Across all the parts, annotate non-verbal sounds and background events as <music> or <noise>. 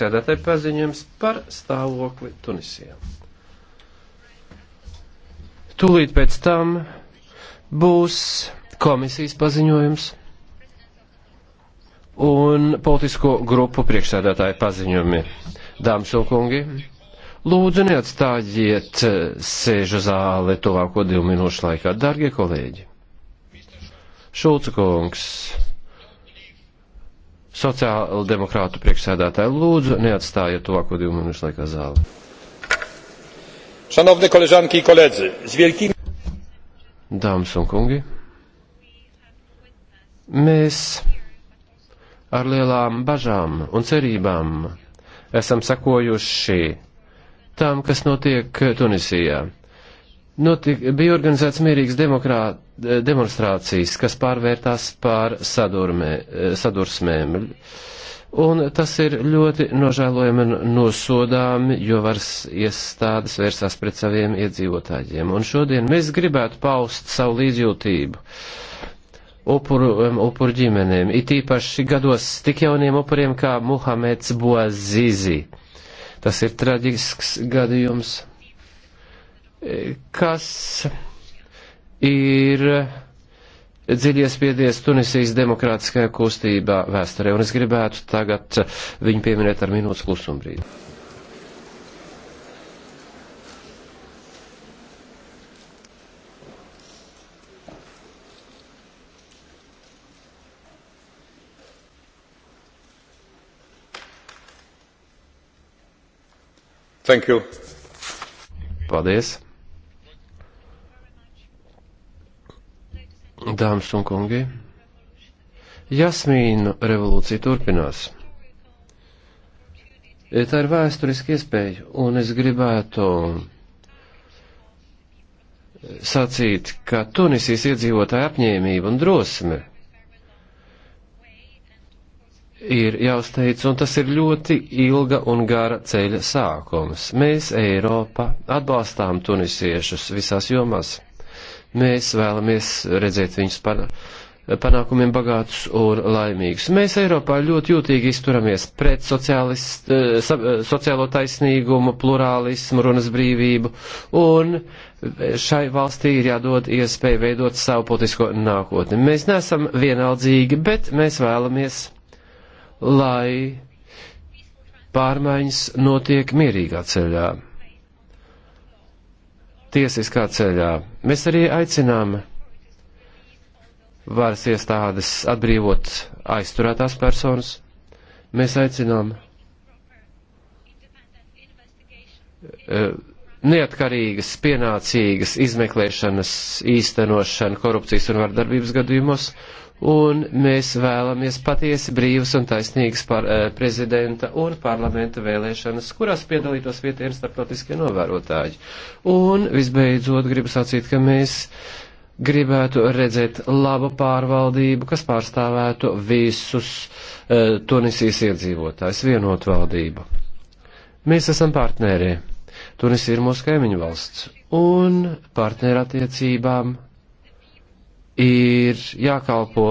Sēdētāji paziņojums par stāvokli Tunisijā. Tūlīt pēc tam būs komisijas paziņojums un politisko grupu priekšsēdētāju paziņojumi. Dāmas un kungi, lūdzu neatstājiet eh, sēžu zāli tuvāko divu minūšu laikā, dārgie kolēģi. Šulca kungs. Sociāla demokrātu priekšsēdētāji, lūdzu, neatstājiet tuvāko divu minūšu laikā zāli. Šanovne koležanki i koledzi, z wielkim... Dāmas un kungi, mēs ar lielām bažām un cerībām esam sakojuši tam, kas notiek Tunisijā. Notik, bija organizēts mierīgs demokrā, eh, demonstrācijas, kas pārvērtās pār sadurmē, eh, sadursmēm. Un tas ir ļoti nožēlojami un nosodāmi, jo varas iestādes vērsās pret saviem iedzīvotājiem. Un šodien mēs gribētu paust savu līdzjūtību upuru, upuru ģimenēm, it īpaši gados tik jauniem upuriem kā Muhameds Boazizi. Tas ir traģisks gadījums kas ir dziļi iespiedies Tunisijas demokrātiskajā kustībā vēsturē, un es gribētu tagad viņu pieminēt ar minūtes klusumbrīdi. Thank you. Paldies. Dāmas un kungi, Jasmīnu revolūcija turpinās. Tā ir vēsturiski iespēja, un es gribētu sacīt, ka Tunisijas iedzīvotāja apņēmība un drosme ir jāuzteic, un tas ir ļoti ilga un gara ceļa sākums. Mēs, Eiropa, atbalstām tunisiešus visās jomās Mēs vēlamies redzēt viņus pana, panākumiem bagātus un laimīgus. Mēs Eiropā ļoti jūtīgi izturamies pret eh, sociālo taisnīgumu, plurālismu, runas brīvību, un šai valstī ir jādod iespēja veidot savu politisko nākotni. Mēs neesam vienaldzīgi, bet mēs vēlamies, lai pārmaiņas notiek mierīgā ceļā tiesiskā ceļā. Mēs arī aicinām varas iestādes atbrīvot aizturētās personas. Mēs aicinām uh, neatkarīgas, pienācīgas izmeklēšanas īstenošana korupcijas un vardarbības gadījumos, un mēs vēlamies patiesi brīvas un taisnīgas par, eh, prezidenta un parlamenta vēlēšanas, kurās piedalītos vietējiem starptautiskie novērotāji. Un visbeidzot, gribu sacīt, ka mēs gribētu redzēt labu pārvaldību, kas pārstāvētu visus e, Tunisijas iedzīvotājus, vienotu valdību. Mēs esam partneri Tunisija ir mūsu kaimiņu valsts, un partnerattiecībām ir jākalpo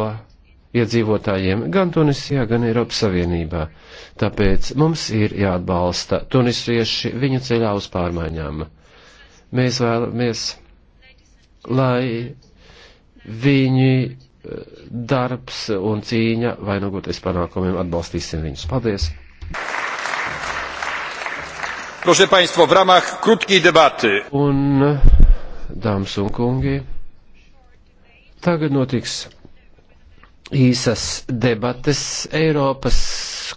iedzīvotājiem gan Tunisijā, gan Eiropas Savienībā. Tāpēc mums ir jāatbalsta tunisieši viņu ceļā uz pārmaiņām. Mēs vēlamies, lai viņi eh, darbs un cīņa vainagoties panākumiem atbalstīsim viņus. Paldies! Proszę Państwa, w ramach krótkiej debaty. Un, dāmas un kungi, tagad notiks īsas debates. Eiropas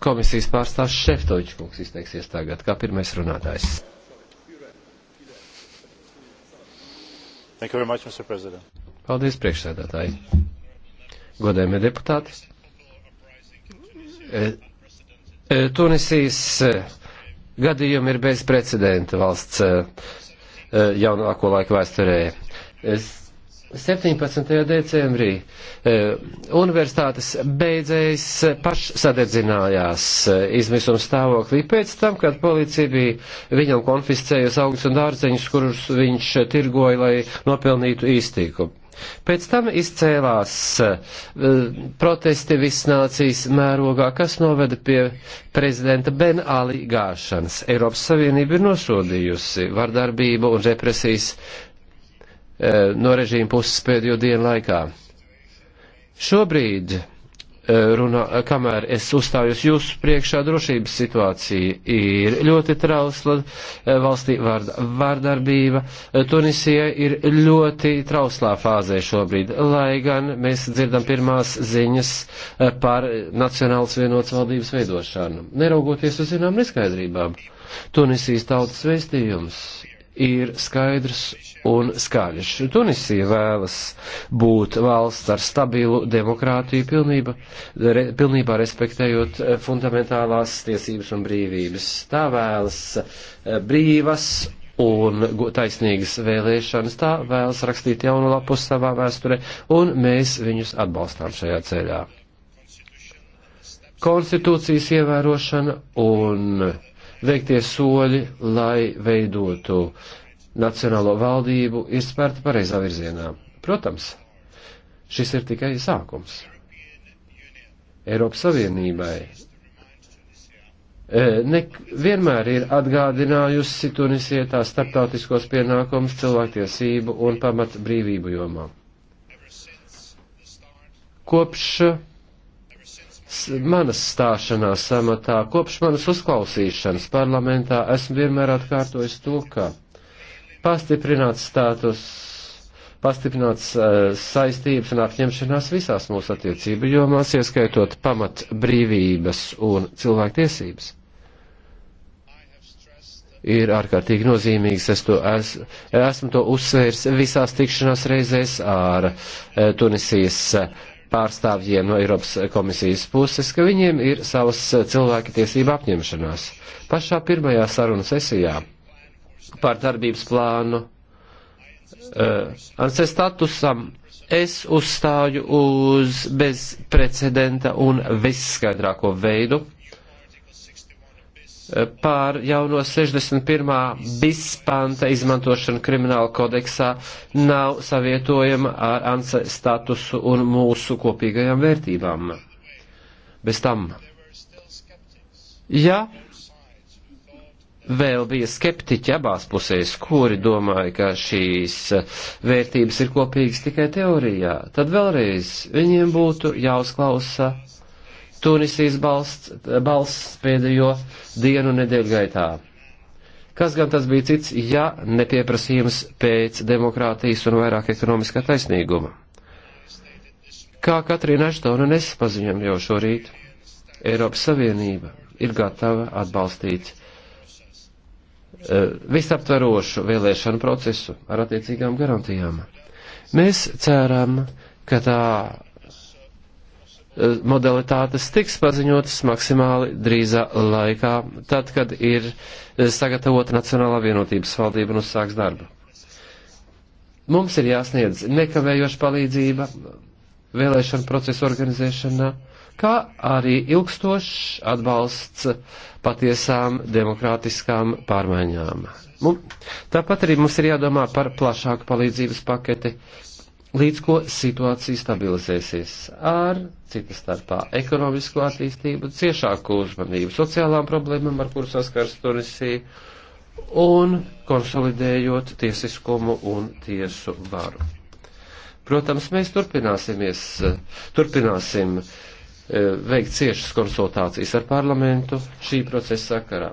komisijas pārstāvs Šeftovičs kungs izteiksies tagad kā pirmais runātājs. Much, Paldies, priekšsēdētāji. Godējumie deputāti. Eh, eh, Tunisijas eh, gadījumi ir bezprecedenta valsts eh, eh, jaunāko laiku vēsturē. 17. decembrī eh, universitātes beidzējs pašsadedzinājās izmisuma stāvoklī pēc tam, kad policija bija viņam konfiscējusi augstus un dārzeņus, kurus viņš tirgoja, lai nopelnītu īstīkumu. Pēc tam izcēlās eh, protesti visnācijas mērogā, kas noveda pie prezidenta Ben Ali gāšanas. Eiropas Savienība ir nosodījusi vardarbību un represijas eh, no režīma puses pēdējo dienu laikā. Šobrīd Eh, runā, eh, kamēr es uzstājos jūsu priekšā, drošības situācija ir ļoti trausla, eh, valstī vard, vārdarbība. Tunisija ir ļoti trauslā fāzē šobrīd, lai gan mēs dzirdam pirmās ziņas par Nacionālas vienotas valdības veidošanu. Neraugoties uz zinām neskaidrībām, Tunisijas tautas vēstījums ir skaidrs un skaļš. Tunisija vēlas būt valsts ar stabilu demokrātiju pilnība, re, pilnībā respektējot fundamentālās tiesības un brīvības. Tā vēlas eh, brīvas un taisnīgas vēlēšanas, tā vēlas rakstīt jaunu lapu savā vēsturē, un mēs viņus atbalstām šajā ceļā. Konstitūcijas ievērošana un veiktie soļi, lai veidotu nacionālo valdību, ir spērti pareizā virzienā. Protams, šis ir tikai sākums. Eiropas Savienībai e, ne, vienmēr ir atgādinājusi Tunisietā starptautiskos pienākumus cilvēktiesību un pamat brīvību jomā. Kopš manas stāšanās amatā, kopš manas uzklausīšanas parlamentā, esmu vienmēr atkārtojis to, ka pastiprināts status, pastiprināts uh, e, saistības un apņemšanās visās mūsu attiecību jomās, ieskaitot pamat brīvības un cilvēktiesības, ir ārkārtīgi nozīmīgs. Es to es, esmu to uzsvērs visās tikšanās reizēs ar uh, Tunisijas uh, pārstāvjiem no Eiropas komisijas puses, ka viņiem ir savas cilvēka tiesība apņemšanās. Pašā pirmajā sarunu sesijā par darbības plānu uh, eh, ANSE statusam es uzstāju uz bezprecedenta un visskaidrāko veidu pār jauno 61. bispanta izmantošanu krimināla kodeksā nav savietojama ar ANSE statusu un mūsu kopīgajām vērtībām. Bez tam, ja vēl bija skeptiķi abās pusēs, kuri domāja, ka šīs vērtības ir kopīgas tikai teorijā, tad vēlreiz viņiem būtu jāuzklausa Tunisijas balsts, balsts pēdējo dienu nedēļu gaitā. Kas gan tas bija cits, ja nepieprasījums pēc demokrātijas un vairāk ekonomiskā taisnīguma? Kā Katrīna Aštona nespaziņam jau šorīt, Eiropas Savienība ir gatava atbalstīt uh, visaptverošu vēlēšanu procesu ar attiecīgām garantijām. Mēs ceram, ka tā Eh, modalitātes tiks paziņotas maksimāli drīzā laikā, tad, kad ir eh, sagatavota Nacionālā vienotības valdība un uzsāks darbu. Mums ir jāsniedz nekavējoša palīdzība vēlēšanu procesu organizēšanā, kā arī ilgstošs atbalsts patiesām demokrātiskām pārmaiņām. Mums, tāpat arī mums ir jādomā par plašāku palīdzības paketi, līdz ko situācija stabilizēsies ar citas starpā ekonomisko attīstību, ciešāku uzmanību sociālām problēmām, ar kur saskars Tunisija, un konsolidējot tiesiskumu un tiesu varu. Protams, mēs turpināsimies, turpināsim e, veikt ciešas konsultācijas ar parlamentu šī procesa sakarā.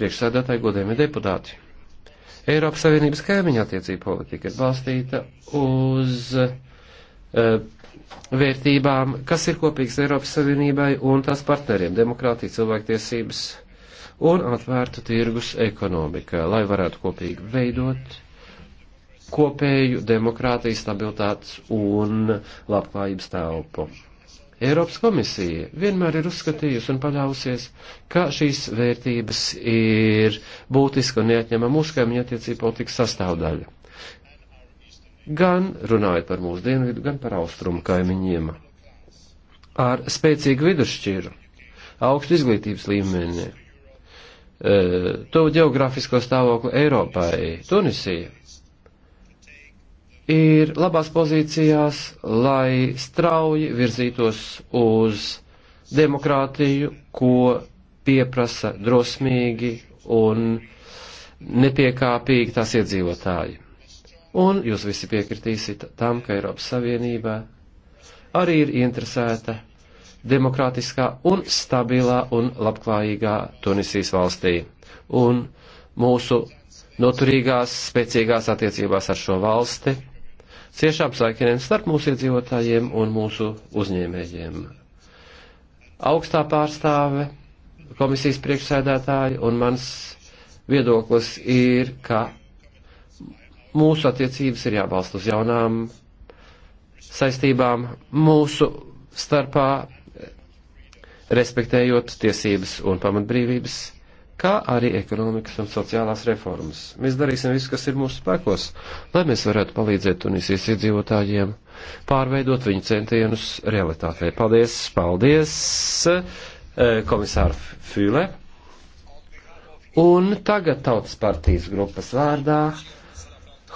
Priekšsēdētāji, godējumi deputāti! Eiropas Savienības kaimiņa attiecība politika ir balstīta uz uh, vērtībām, kas ir kopīgas Eiropas Savienībai un tās partneriem - demokrātija, cilvēktiesības un atvērta tirgus ekonomika, lai varētu kopīgi veidot kopēju demokrātijas stabilitātes un labklājības telpu. Eiropas komisija vienmēr ir uzskatījusi un paļausies, ka šīs vērtības ir būtiska un neatņemama mūsu kaimiņu attiecību politikas sastāvdaļa. Gan runājot par mūsu dienvidu, gan par austrumu kaimiņiem. Ar spēcīgu vidusšķiru, augstu izglītības līmeni, eh, to geogrāfisko stāvokli Eiropai, Tunisija, ir labās pozīcijās, lai strauji virzītos uz demokrātiju, ko pieprasa drosmīgi un nepiekāpīgi tās iedzīvotāji. Un jūs visi piekritīsiet tam, ka Eiropas Savienība arī ir interesēta demokrātiskā un stabilā un labklājīgā Tunisijas valstī. Un mūsu noturīgās, spēcīgās attiecībās ar šo valsti ciešām saiknēm starp mūsu iedzīvotājiem un mūsu uzņēmējiem. Augstā pārstāve, komisijas priekšsēdētāji un mans viedoklis ir, ka mūsu attiecības ir jābalst uz jaunām saistībām mūsu starpā, respektējot tiesības un pamatbrīvības kā arī ekonomikas un sociālās reformas. Mēs darīsim visu, kas ir mūsu spēkos, lai mēs varētu palīdzēt Tunisijas iedzīvotājiem pārveidot viņu centienus realitātē. Paldies, paldies, eh, komisāra Füle. Un tagad tautas partijas grupas vārdā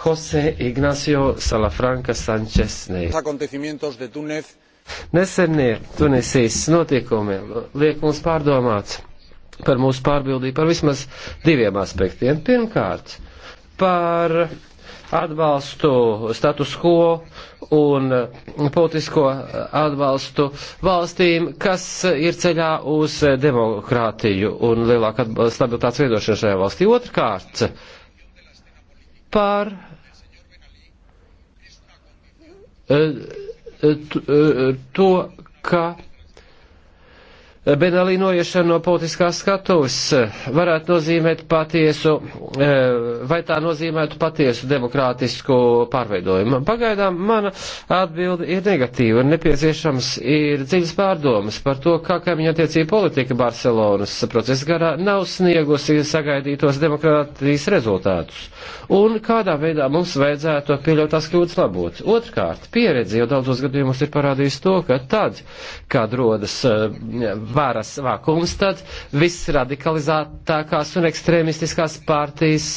Jose Ignacio Salafranca Sančes Neiz. Nesenie Tunisijas notikumi liek mums pārdomāt par mūsu pārbildību par vismaz diviem aspektiem. Pirmkārt, par atbalstu status quo un politisko atbalstu valstīm, kas ir ceļā uz demokrātiju un lielāku stabilitātes veidošanu šajā valstī. Otrkārt, par eh, eh, eh, to, ka Benalīnojušana no politiskās skatuves varētu nozīmēt patiesu, e, vai tā nozīmētu patiesu demokrātisku pārveidojumu. Pagaidām mana atbilde ir negatīva un nepieciešams ir dziļas pārdomas par to, kā kaimiņa attiecība politika Barcelonas procesa garā nav sniegusi sagaidītos demokrātijas rezultātus un kādā veidā mums vajadzētu pieļautās kļūdas labot. Otrkārt, pieredze jau daudzos gadījumos ir parādījusi to, ka tad, kad rodas e, varas vakums, tad viss radikalizētākās un ekstrēmistiskās partijas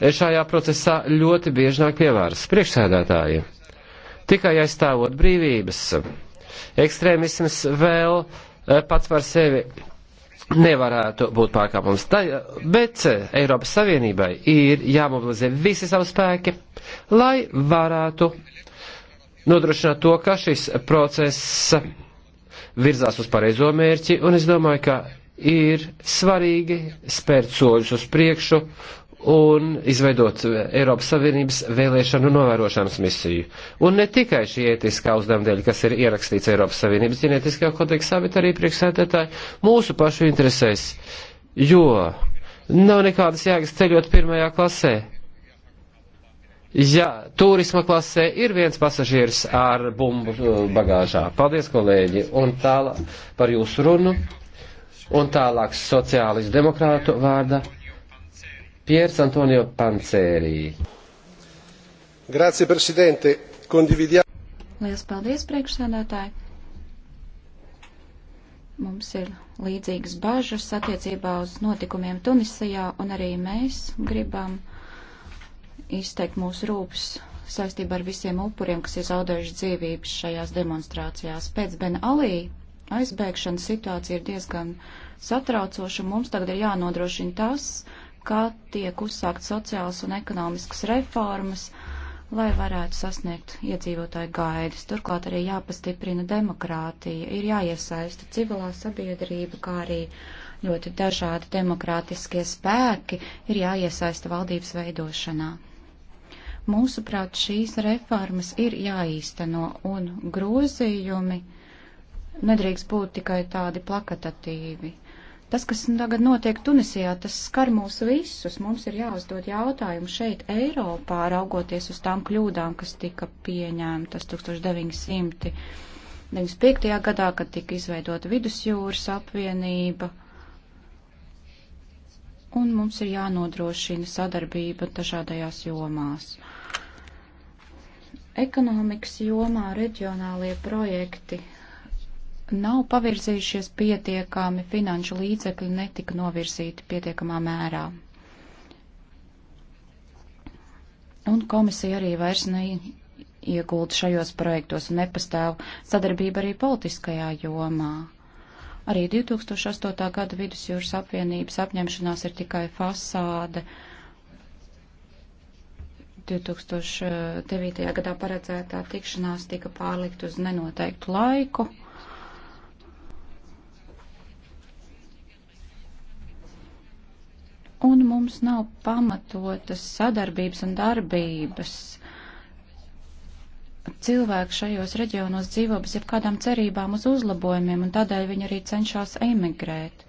šajā procesā ļoti bieži nāk pie varas priekšsēdētāji. Tikai aizstāvot brīvības, ekstrēmisms vēl eh, pats par sevi nevarētu būt pārkāpums. Tā, bet eh, Eiropas Savienībai ir jāmobilizē visi savi spēki, lai varētu nodrošināt to, ka šis process virzās uz pareizo mērķi, un es domāju, ka ir svarīgi spērt soļus uz priekšu un izveidot Eiropas Savienības vēlēšanu novērošanas misiju. Un ne tikai šī ētiskā uzdevuma dēļ, kas ir ierakstīts Eiropas Savienības ģenētiskajā kodeksā, bet arī priekšsētētāji mūsu pašu interesēs, jo nav nekādas jēgas ceļot pirmajā klasē. Ja turisma klasē ir viens pasažieris ar bumbu uh, bagāžā. Paldies, kolēģi. Un tālāk par jūsu runu. Un tālāk sociālistu demokrātu vārda. Piers Antonio Pancērī. Grazie, prezidente. Kondividiā. Lielas paldies, priekšsēdētāji. Mums ir līdzīgas bažas attiecībā uz notikumiem Tunisijā, un arī mēs gribam izteikt mūsu rūpes saistībā ar visiem upuriem, kas ir zaudējuši dzīvības šajās demonstrācijās. Pēc Ben Alī aizbēgšanas situācija ir diezgan satraucoša. Mums tagad ir jānodrošina tas, kā tiek uzsākt sociālas un ekonomiskas reformas, lai varētu sasniegt iedzīvotāju gaidas. Turklāt arī jāpastiprina demokrātija, ir jāiesaista civilā sabiedrība, kā arī ļoti dažādi demokrātiskie spēki ir jāiesaista valdības veidošanā. Mūsuprāt, šīs reformas ir jāīsteno un grozījumi nedrīkst būt tikai tādi plakatatīvi. Tas, kas tagad notiek Tunisijā, tas skar mūs visus. Mums ir jāuzdod jautājumu šeit, Eiropā, raugoties uz tām kļūdām, kas tika pieņēmtas 1995. gadā, kad tika izveidota Vidusjūras apvienība un mums ir jānodrošina sadarbība dažādajās jomās. Ekonomikas jomā reģionālie projekti nav pavirzījušies pietiekami, finanšu līdzekļi netika novirzīti pietiekamā mērā. Un komisija arī vairs neiegulda šajos projektos un nepastāv sadarbība arī politiskajā jomā. Arī 2008. gada vidusjūras apvienības apņemšanās ir tikai fasāde. 2009. gadā paredzētā tikšanās tika pārlikt uz nenoteiktu laiku. Un mums nav pamatotas sadarbības un darbības cilvēki šajos reģionos dzīvo bez jebkādām cerībām uz uzlabojumiem, un tādēļ viņi arī cenšas emigrēt.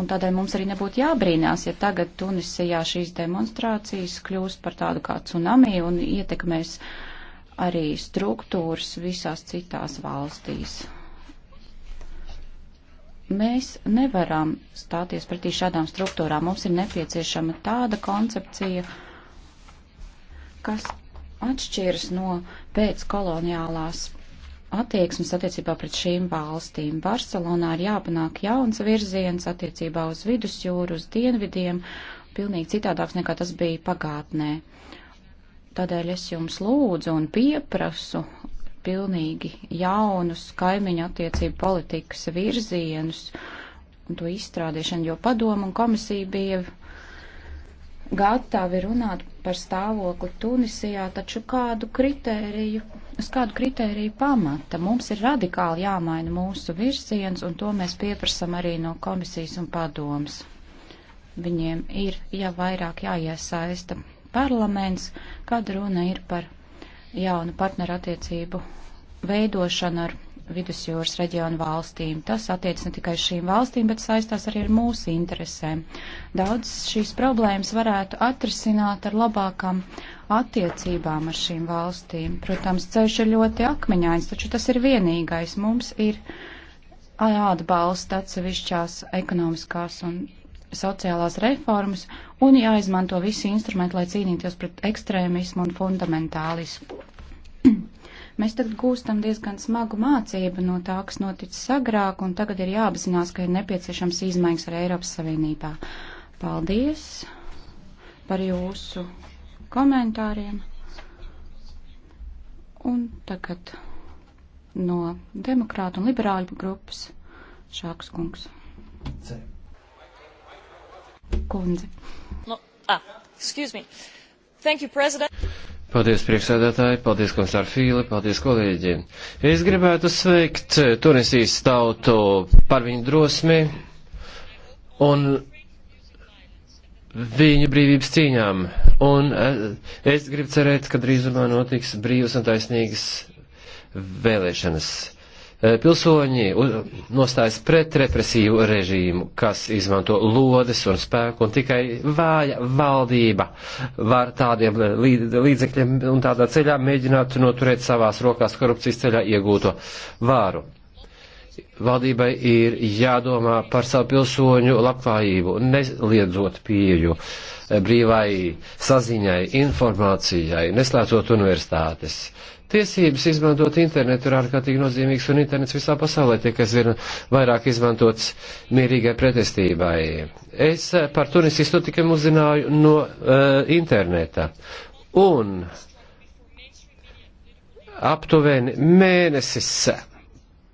Un tādēļ mums arī nebūtu jābrīnās, ja tagad Tunisijā šīs demonstrācijas kļūs par tādu kā tsunami un ietekmēs arī struktūras visās citās valstīs. Mēs nevaram stāties pretī šādām struktūrām. Mums ir nepieciešama tāda koncepcija, kas atšķiras no pēckoloniālās attieksmes attiecībā pret šīm valstīm. Barcelonā ir jāpanāk jauns virziens attiecībā uz vidusjūru, uz dienvidiem, pilnīgi citādāks nekā tas bija pagātnē. Tādēļ es jums lūdzu un pieprasu pilnīgi jaunus kaimiņu attiecību politikas virzienus un to izstrādēšanu, jo padomu un komisija bija gatavi runāt par stāvokli Tunisijā, taču kādu kritēriju, uz kādu kritēriju pamata mums ir radikāli jāmaina mūsu virziens, un to mēs pieprasam arī no komisijas un padomas. Viņiem ir jau vairāk jāiesaista parlaments, kad runa ir par jaunu partnerattiecību veidošanu ar vidusjūras reģionu valstīm. Tas attiecas ne tikai uz šīm valstīm, bet saistās arī ar mūsu interesēm. Daudz šīs problēmas varētu atrisināt ar labākām attiecībām ar šīm valstīm. Protams, ceļš ir ļoti akmeņains, taču tas ir vienīgais. Mums ir jāatbalsta atsevišķās ekonomiskās un sociālās reformas un jāizmanto visi instrumenti, lai cīnīties pret ekstrēmismu un fundamentālismu. <clears throat> Mēs tagad gūstam diezgan smagu mācību no tā, kas noticis agrāk, un tagad ir jāapzinās, ka ir nepieciešams izmaiņas ar Eiropas Savienībā. Paldies par jūsu komentāriem. Un tagad no demokrātu un liberāļu grupas Šāks kungs. C. Kundze. No, ah, excuse me. Thank you, President. Paldies, priekšsēdētāji, paldies, komisār Fīle, paldies, kolēģi. Es gribētu sveikt Tunisijas tautu par viņu drosmi un viņu brīvības cīņām. Un eh, es gribu cerēt, ka drīzumā notiks brīvas un taisnīgas vēlēšanas. Eh, pilsoņi nostājas pret represīvu režīmu, kas izmanto lodes un spēku, un tikai vāja valdība var tādiem līdzekļiem un tādā ceļā mēģināt noturēt savās rokās korupcijas ceļā iegūto vāru. Valdībai ir jādomā par savu pilsoņu labklājību, neliedzot pieju eh, brīvai saziņai, informācijai, neslēdzot universitātes. Uh, Tiesības izmantot internetu ir ārkārtīgi nozīmīgs, un internets visā pasaulē tiek aizvien vairāk izmantots mierīgai pretestībai. Es eh, par Tunisiju tikai uzzināju no uh, interneta. Un aptuveni mēnesis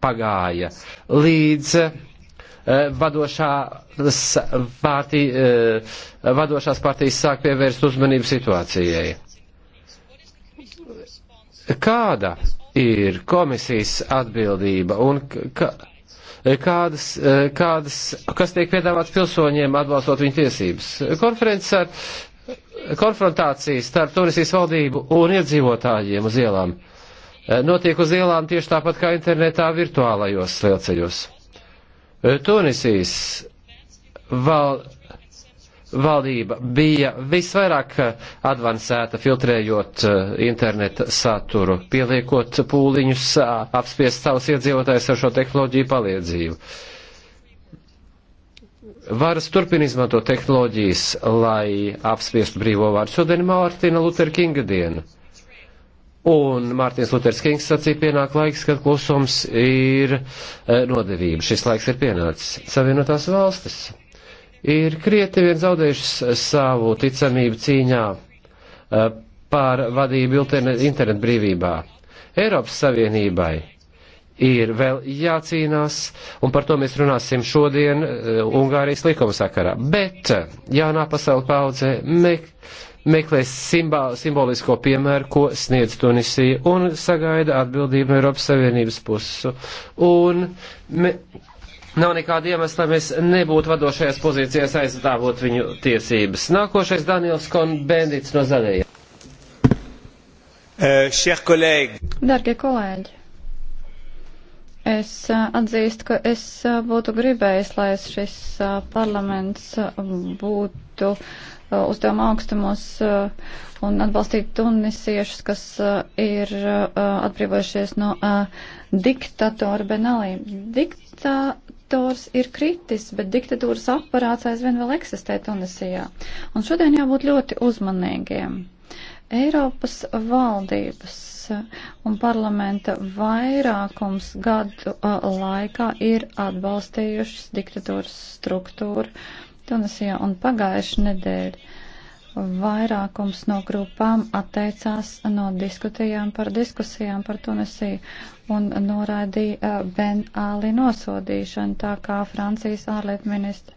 pagāja līdz uh, vadošās, pārtī, uh, vadošās partijas sāk pievērst uzmanību situācijai Kāda ir komisijas atbildība un ka, kādas, e, kādas, kas tiek piedāvāts pilsoņiem atbalstot viņu tiesības? Konferences ar konfrontācijas starp Tunisijas valdību un iedzīvotājiem uz ielām e, notiek uz ielām tieši tāpat kā internetā virtuālajos lielceļos. E, Tunisijas val, valdība bija visvairāk eh, advancēta filtrējot eh, interneta saturu, pieliekot pūliņus apspiest savus iedzīvotājus ar šo tehnoloģiju palīdzību. Varas turpina izmantot tehnoloģijas, lai apspiestu brīvo vārdu. Šodien ir Mārtina Lutera Kinga diena. Un Mārtiņš Luters Kings sacīja, pienāk laiks, kad klusums ir eh, nodevība. Šis laiks ir pienācis. Savienotās valstis ir krieti vien zaudējuši savu ticamību cīņā eh, pār vadību internetu brīvībā. Eiropas Savienībai ir vēl jācīnās, un par to mēs runāsim šodien eh, Ungārijas likuma sakarā. Bet eh, jaunā pasaule paudze me, meklēs simbā, simbolisko piemēru, ko sniedz Tunisija, un sagaida atbildību no Eiropas Savienības puses. Un me, nav nekāda iemesla, lai mēs nebūtu vadošajās pozīcijās aizstāvot viņu tiesības. Nākošais Daniels Konbendits no Zaļajiem. Uh, Dargie kolēģi, es eh, atzīstu, ka es eh, būtu gribējis, lai šis parlaments būtu uzdevuma augstumos. Uh, un atbalstīt tunisiešus, kas uh, ir uh, atbrīvojušies no uh, diktatora Benalī. Diktators ir kritis, bet diktatūras aparāts aizvien vēl eksistē Tunisijā. Un šodien jābūt ļoti uzmanīgiem. Eiropas valdības uh, un parlamenta vairākums gadu uh, laikā ir atbalstījušas diktatūras struktūru Tunisijā un pagājuši nedēļu vairākums no grupām atteicās no diskutējām par diskusijām par Tunisiju un noraidīja eh, Ben Ali nosodīšanu, tā kā Francijas ārlietu ministra.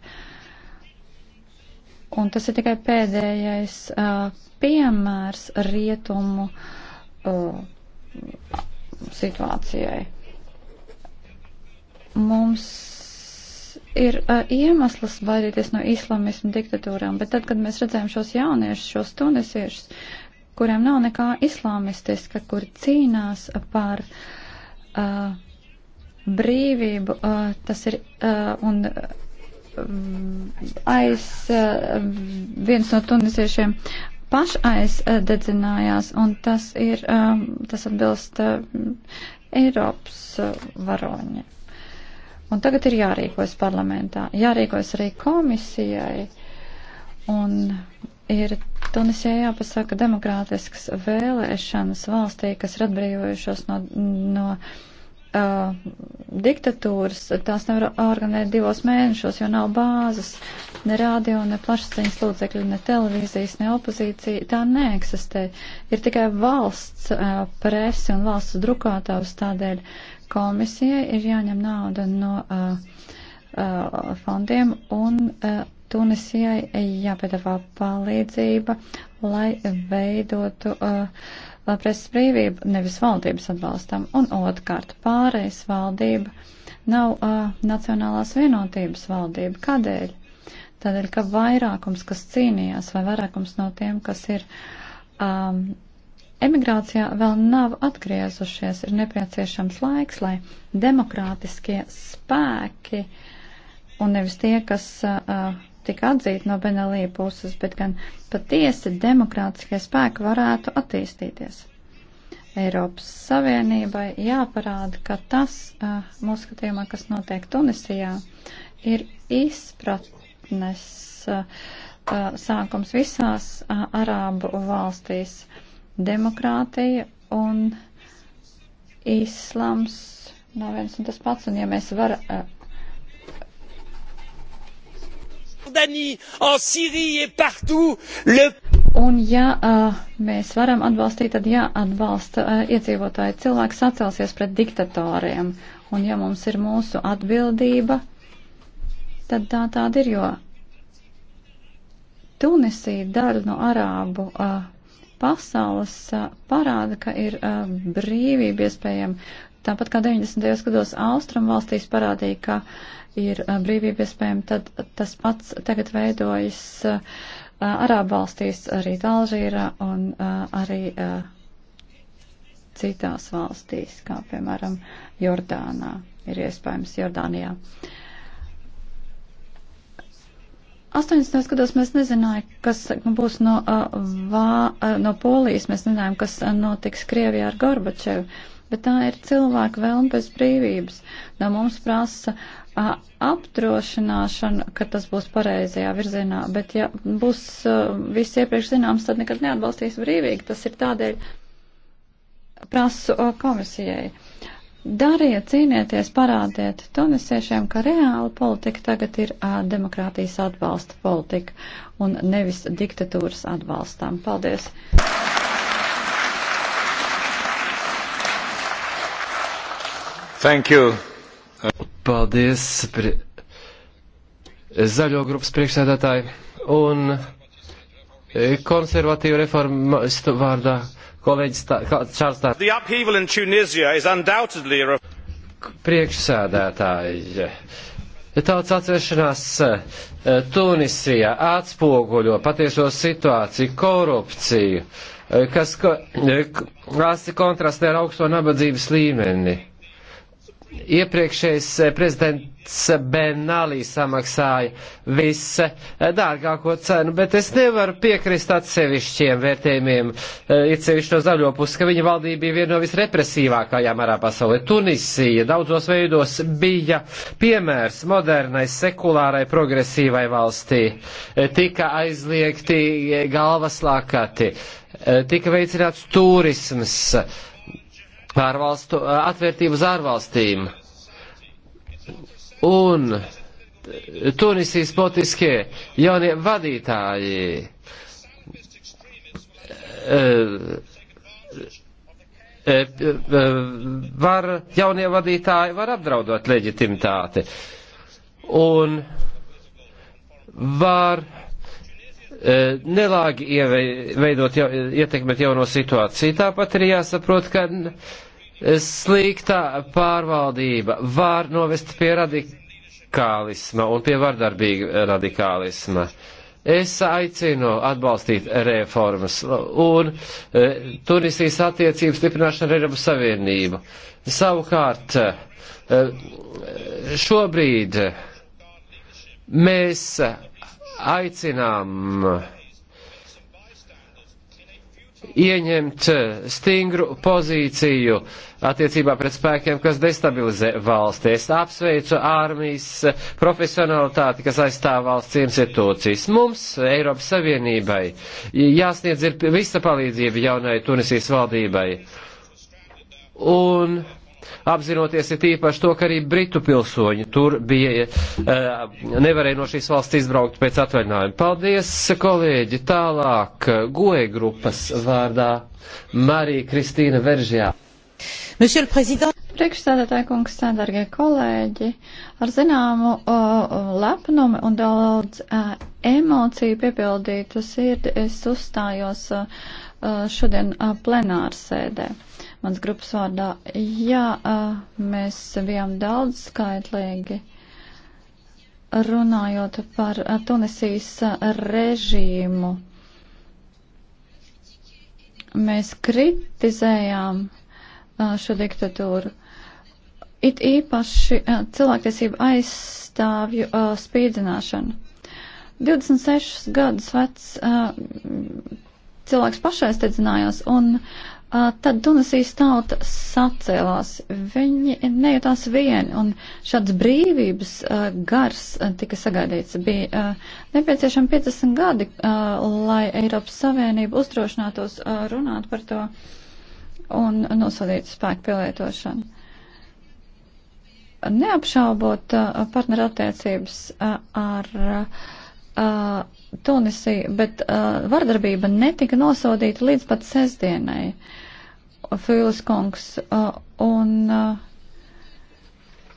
Un tas ir tikai pēdējais uh, piemērs rietumu uh, situācijai. Mums ir uh, iemesls baidīties no islamismu diktatūrām, bet tad, kad mēs redzējām šos jauniešus, šos tunisiešus, kuriem nav nekā islāmistiska, kur cīnās par uh, brīvību, uh, tas ir uh, un aiz uh, viens no tunisiešiem pašaizdedzinājās, un tas ir, um, tas atbilst uh, Eiropas uh, varoņiem. Un tagad ir jārīkojas parlamentā, jārīkojas arī komisijai. Un ir Tunisijai jāpasaka demokrātiskas vēlēšanas valstī, kas ir atbrīvojušos no, no uh, diktatūras. Tās nevar organizēt divos mēnešos, jo nav bāzes, ne rādio, ne plašsaziņas lūdzekļu, ne televīzijas, ne opozīcija. Tā neeksistē. Ir tikai valsts uh, presi un valsts drukātājs tādēļ Komisijai ir jāņem nauda no uh, uh, fondiem un uh, Tunisijai jāpiedāvā palīdzība, lai veidotu uh, uh presas brīvību, nevis valdības atbalstam. Un otrkārt, pārējais valdība nav uh, Nacionālās vienotības valdība. Kādēļ? Tādēļ, ka vairākums, kas cīnījās, vai vairākums no tiem, kas ir um, emigrācijā vēl nav atgriezušies, ir nepieciešams laiks, lai demokrātiskie spēki un nevis tie, kas uh, tika atzīti no Benelī puses, bet gan patiesi demokrātiskie spēki varētu attīstīties. Eiropas Savienībai jāparāda, ka tas, uh, mūsu skatījumā, kas notiek Tunisijā, ir izpratnes uh, sākums visās uh, arābu valstīs. Uh, demokrātija un islams nav viens un tas pats, un ja mēs varam. Uh, eh, Jordanie, en Syrie et partout. Le... Un ja uh, mēs varam atbalstīt, tad jāatbalsta uh, eh, iedzīvotāji. Cilvēki sacelsies pret diktatoriem. Un ja mums ir mūsu atbildība, tad tā tāda ir, jo Tunisija daļu no arābu uh, Pasaules parāda, ka ir brīvība iespējama. Tāpat kā 90. gados Austrum valstīs parādīja, ka ir brīvība iespējama, tad tas pats tagad veidojas Arābu valstīs, arī Alžīrā un arī citās valstīs, kā piemēram Jordānā, ir iespējams Jordānijā. Uh, 80. gados mēs nezinājām, kas būs no, uh, vā, uh, no Polijas, mēs nezinājām, kas uh, notiks Krievijā ar Gorbačevu, bet tā ir cilvēka vēlme pēc brīvības. No mums prasa uh, apdrošināšanu, ka tas būs pareizajā virzienā, bet ja būs uh, viss iepriekš zināms, tad nekad neatbalstīs brīvīgi. Tas ir tādēļ prasu uh, komisijai. Uh, Dariet, cīnieties, parādiet tunisiešiem, ka reāla politika tagad ir uh, demokrātijas atbalsta politika un nevis diktatūras atbalstām. Paldies! Thank you. Paldies, pri... zaļo grupas priekšsēdētāji un eh, konservatīvu reformu vārdā kolēģis Čārls Tāds. Priekšsēdētāji. Tauts atvēršanās eh, Tunisijā atspoguļo patieso situāciju, korupciju, eh, kas krāsi eh, kontrastē ar augsto nabadzības līmeni. Iepriekšējais eh, prezidents eh, Benālī samaksāja visdārgāko eh, cenu, bet es nevaru piekrist atsevišķiem vērtējumiem, atsevišķi no zaļo puses, ka viņa valdība bija viena no visrepresīvākajām arā pasaulē. Tunisija daudzos veidos bija piemērs modernai, sekulārai, progresīvai valstī. Tika aizliegti galvaslākati, tika veicināts turisms ārvalstu, atvērtību uz ārvalstīm. Un Tunisijas politiskie jaunie vadītāji var, jaunie vadītāji var apdraudot leģitimitāti un var E, nelāgi ieveidot, ietekmēt jauno situāciju. Tāpat ir jāsaprot, ka e, sliktā pārvaldība var novest pie radikālisma un pie vardarbīga radikālisma. Es aicinu atbalstīt reformas un e, Tunisijas attiecības stiprināšanu ar Eiropas Savienību. Savukārt, e, šobrīd mēs aicinām ieņemt stingru pozīciju attiecībā pret spēkiem, kas destabilizē valsti. Es apsveicu armijas profesionalitāti, kas aizstāv valsts institūcijas. Mums, Eiropas Savienībai, jāsniedz ir visa palīdzība jaunai Tunisijas valdībai. Un apzinoties ir tīpaši to, ka arī britu pilsoņi tur bija, eh, nevarēja no šīs valsts izbraukt pēc atvaļinājuma. Paldies, kolēģi, tālāk goe grupas vārdā Marija Kristīna Veržjā. Monsieur le Président. Priekšsēdētāji kungs, sēdārgie kolēģi, ar zināmu o, lepnumu un daudz a, e, emociju piepildītu sirdi es uzstājos a, e, a, šodien a, e, plenārsēdē. sēdē mans grupas vārdā. Jā, mēs bijām daudz skaitlīgi runājot par Tunisijas režīmu. Mēs kritizējām šo diktatūru. It īpaši cilvēktiesību aizstāvju spīdzināšanu. 26 gadus vecs cilvēks pašaiztedzinājās un uh, tad Tunisijas tauta sacēlās. Viņi nejūtās vieni, un šāds brīvības uh, gars uh, tika sagaidīts. Bija uh, nepieciešami 50 gadi, uh, lai Eiropas Savienība uzdrošinātos uh, runāt par to un nosodītu spēku pielietošanu. Neapšaubot uh, partnerattiecības uh, ar. Uh, uh, Tunisiju, bet uh, vardarbība netika nosodīta līdz pat sestdienai. Fīlis kungs uh, un uh,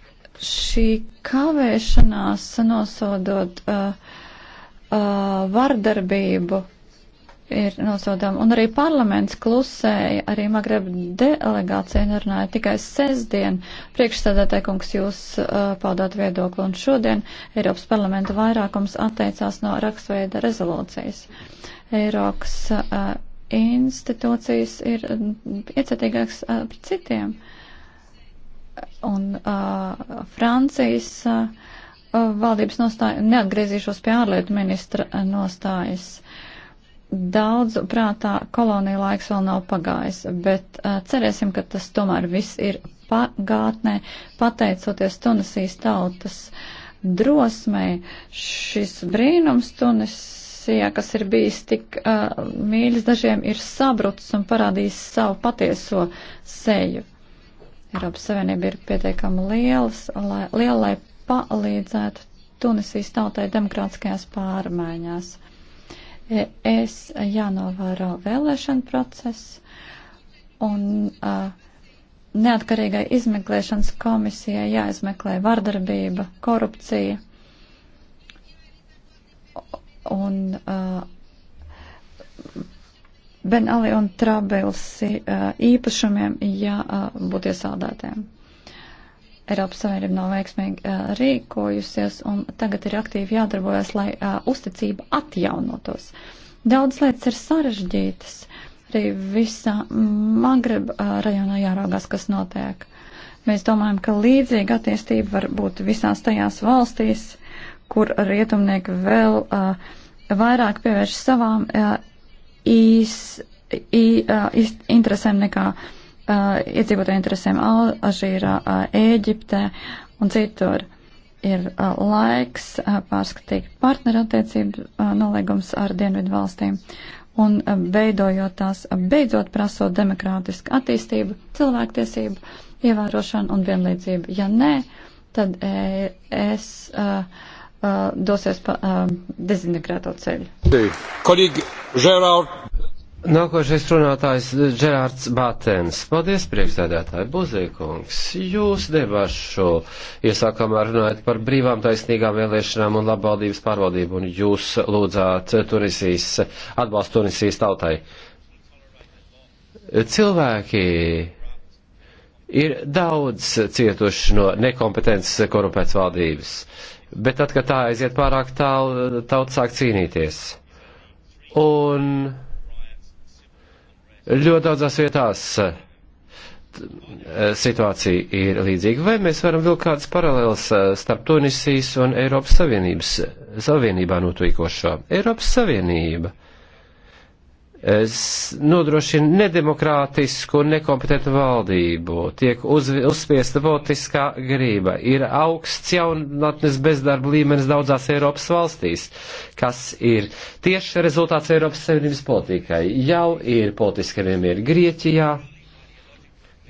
šī kavēšanās nosodot uh, uh, vardarbību ir nosodām. Un arī parlaments klusēja, arī Magreba delegācija nerunāja tikai sestdien. Priekšsēdētāji kungs jūs uh, paudāt viedokli, un šodien Eiropas parlamenta vairākums atteicās no raksveida rezolūcijas. Eiropas uh, institūcijas ir mm, iecetīgāks uh, pret citiem. Un uh, Francijas uh, valdības nostāja, neatgriezīšos pie ārlietu ministra uh, nostājas. Uh, daudz prātā kolonija laiks vēl nav pagājis, bet uh, cerēsim, ka tas tomēr viss ir pagātnē, pateicoties Tunisijas tautas drosmei. Šis brīnums Tunisijā, kas ir bijis tik uh, mīļs dažiem, ir sabrucis un parādījis savu patieso seju. Eiropas Savienība ir pietiekami liels, lai, liela, lai palīdzētu Tunisijas tautai demokrātiskajās pārmaiņās. Es eh, jānovēro vēlēšana process un uh, neatkarīgai izmeklēšanas komisijai jāizmeklē vardarbība, korupcija un uh, Ben Ali un Trabelsi uh, īpašumiem jābūt uh, iesaldētiem. Eiropas Savienība nav veiksmīgi uh, rīkojusies un tagad ir aktīvi jādarbojas, lai uh, uzticība atjaunotos. Daudz lietas ir sarežģītas, arī visā Magreb uh, rajonā jāraugās, kas notiek. Mēs domājam, ka līdzīga attīstība var būt visās tajās valstīs, kur rietumnieki vēl uh, vairāk pievērš savām uh, īs, ī, uh, īs interesēm nekā uh, Uh, iedzīvotāju interesēm Alžīrā, uh, Ēģiptē un citur. Ir uh, laiks pārskatīt partnerattiecību nolīgums ar dienvidu valstīm un veidojot tās, beidzot prasot demokrātisku attīstību, cilvēktiesību ievērošanu un vienlīdzību. Ja nē, tad e, es uh, uh, dosies pa uh, dezintegrēto ceļu. Kolīgi, Žerāld. Nākošais runātājs Džerārds eh, Batens. Paldies, priekšsēdētāji Buzīkungs. Jūs debašu iesākumā runājat par brīvām taisnīgām vēlēšanām un labvaldības pārvaldību, un jūs lūdzāt Tunisijas, atbalstu Tunisijas tautai. Cilvēki ir daudz cietuši no nekompetences korumpēts valdības, bet tad, kad tā aiziet pārāk tālu, tauts sāk cīnīties. Un Ļoti daudzās vietās eh, situācija ir līdzīga. Vai mēs varam vilkt kādas paralēlas eh, starp Tunisijas un Eiropas Savienības, Savienībā notiekošo? Eiropas Savienība. Uh, nodrošina nedemokrātisku un nekompetentu valdību, tiek uz, uzspiesta politiskā grība, ir augsts jaunatnes bezdarba līmenis daudzās Eiropas valstīs, kas ir tieši rezultāts Eiropas Savienības politikai. Jau ir politiski vienmēr Grieķijā,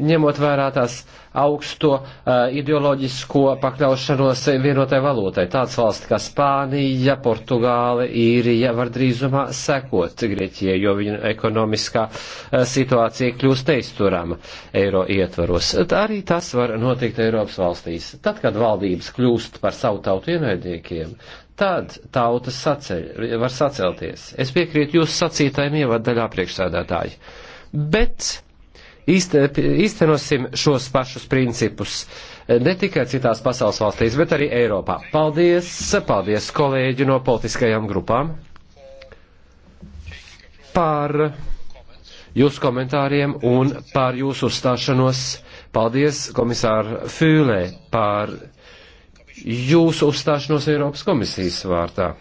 ņemot vērā tās augsto uh, ideoloģisko pakļaušanos vienotai valūtai. Tāds valsts kā Spānija, Portugāla, Īrija var drīzumā sekot Grieķijai, jo viņa ekonomiskā uh, situācija kļūst neizturama eiro ietvaros. Tā arī tas var notikt Eiropas valstīs. Tad, kad valdības kļūst par savu tautu ienaidniekiem, tad tautas saceļ, var sacelties. Es piekrītu jūsu sacītājiem ievadaļā priekšsēdētāji. Bet īstenosim šos pašus principus eh, ne tikai citās pasaules valstīs, bet arī Eiropā. Paldies, paldies kolēģi no politiskajām grupām par jūsu komentāriem un par jūsu uzstāšanos. Paldies, komisāra Fūlē, par jūsu uzstāšanos Eiropas komisijas vārtā.